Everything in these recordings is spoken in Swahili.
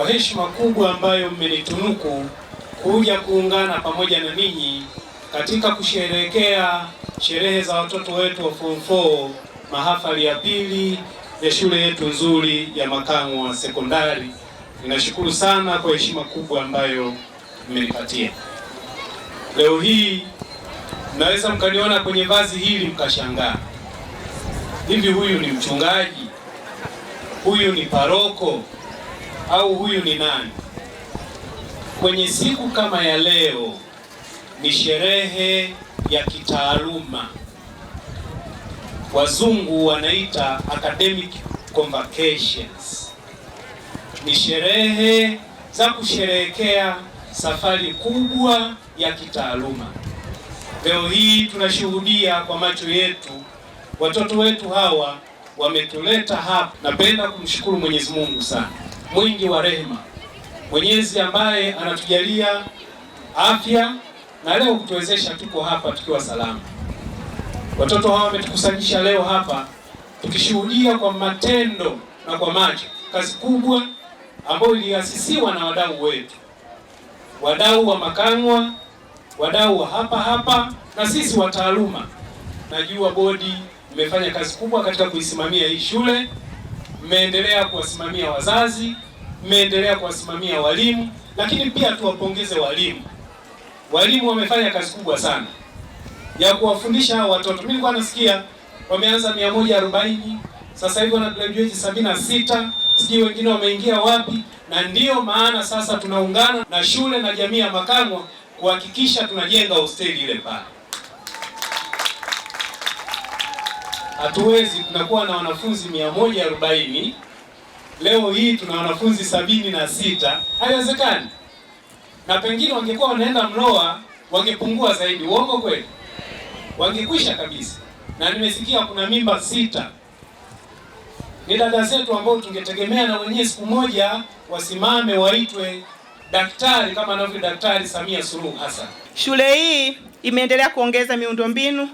kwa heshima kubwa ambayo mmenitunuku kuja kuungana pamoja na ninyi katika kusherehekea sherehe za watoto wetu wa form 4 mahafali ya pili ya shule yetu nzuri ya wa Sekondari. Ninashukuru sana kwa heshima kubwa ambayo mmenipatia. Leo hii mnaweza mkaniona kwenye vazi hili mkashangaa, hivi huyu ni mchungaji? Huyu ni paroko? au huyu ni nani? Kwenye siku kama ya leo ni sherehe ya kitaaluma, wazungu wanaita academic convocations. Ni sherehe za kusherehekea safari kubwa ya kitaaluma. Leo hii tunashuhudia kwa macho yetu watoto wetu hawa wametuleta hapa. Napenda kumshukuru Mwenyezi Mungu sana mwingi wa rehema, Mwenyezi ambaye anatujalia afya na leo kutuwezesha tuko hapa tukiwa salama. Watoto hawa wametukusanyisha leo hapa tukishuhudia kwa matendo na kwa macho kazi kubwa ambayo iliasisiwa na wadau wetu, wadau wa Makangwa, wadau wa hapa hapa na sisi wa taaluma. Najua bodi imefanya kazi kubwa katika kuisimamia hii shule mmeendelea kuwasimamia wazazi, mmeendelea kuwasimamia walimu, lakini pia tuwapongeze walimu. Walimu wamefanya kazi kubwa sana ya kuwafundisha watoto. Mimi nilikuwa nasikia wameanza 140 sasa hivi wana graduate 76, sijui wengine wameingia wapi, na ndiyo maana sasa tunaungana na shule na jamii ya Makangwa kuhakikisha tunajenga hosteli ile pale. hatuwezi tunakuwa na wanafunzi 140 leo hii tuna wanafunzi sabini na sita. Haiwezekani, na pengine wangekuwa wanaenda Mloa wangepungua zaidi. Uongo kweli? Wangekwisha kabisa. Na nimesikia kuna mimba sita, ni dada zetu ambao tungetegemea na wenyewe siku moja wasimame waitwe daktari kama anavyo Daktari Samia Suluhu Hassan. Shule hii imeendelea kuongeza miundombinu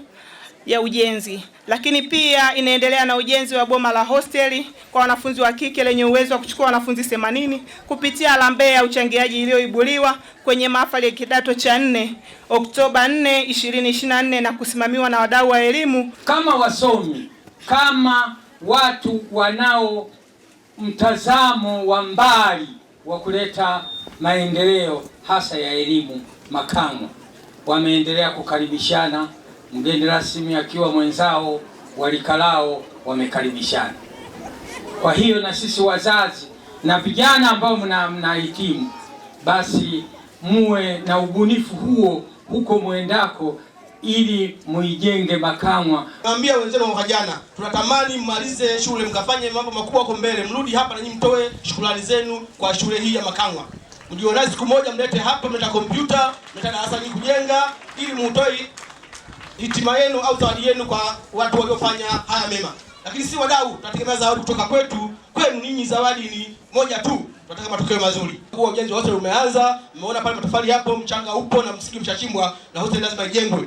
ya ujenzi, lakini pia inaendelea na ujenzi wa boma la hosteli kwa wanafunzi wa kike lenye uwezo wa kuchukua wanafunzi 80 kupitia harambee ya uchangiaji iliyoibuliwa kwenye mahafali ya kidato cha 4 Oktoba 4, 2024 na kusimamiwa na wadau wa elimu kama wasomi, kama watu wanao mtazamo wa mbali wa kuleta maendeleo hasa ya elimu. Makamo wameendelea kukaribishana mgeni rasmi akiwa mwenzao walikalao wamekaribishana. Kwa hiyo na sisi wazazi na vijana ambao mnahitimu mna basi muwe na ubunifu huo huko mwendako, ili muijenge Makamwa. Naambia wenzenu wa vijana, tunatamani mmalize shule mkafanye mambo makubwa huko mbele, mrudi hapa na nyinyi mtoe shukrani zenu kwa shule hii ya Makamwa. Mjionae siku moja mlete hapa, mleta kompyuta, mleta darasa kujenga, ili mutoe hitima yenu au zawadi yenu kwa watu waliofanya haya mema, lakini si wadau, tunategemea zawadi kutoka kwetu. Kwenu ninyi zawadi ni moja tu, tunataka matokeo mazuri. Kwa ujenzi wa umeanza, mmeona pale matofali hapo, mchanga upo na msingi mshachimbwa, na hoteli lazima ijengwe.